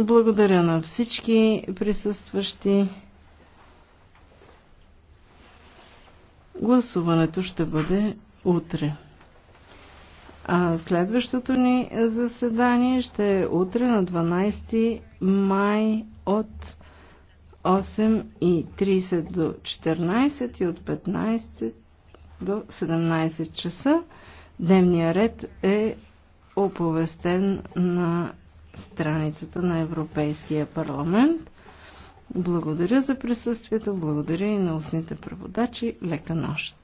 Благодаря на всички присъстващи. Гласуването ще бъде утре. А следващото ни заседание ще е утре на 12 май от 8.30 до 14 и от 15 до 17 часа. Дневният ред е оповестен на страницата на Европейския парламент. Благодаря за присъствието, благодаря и на устните преводачи. Лека нощ!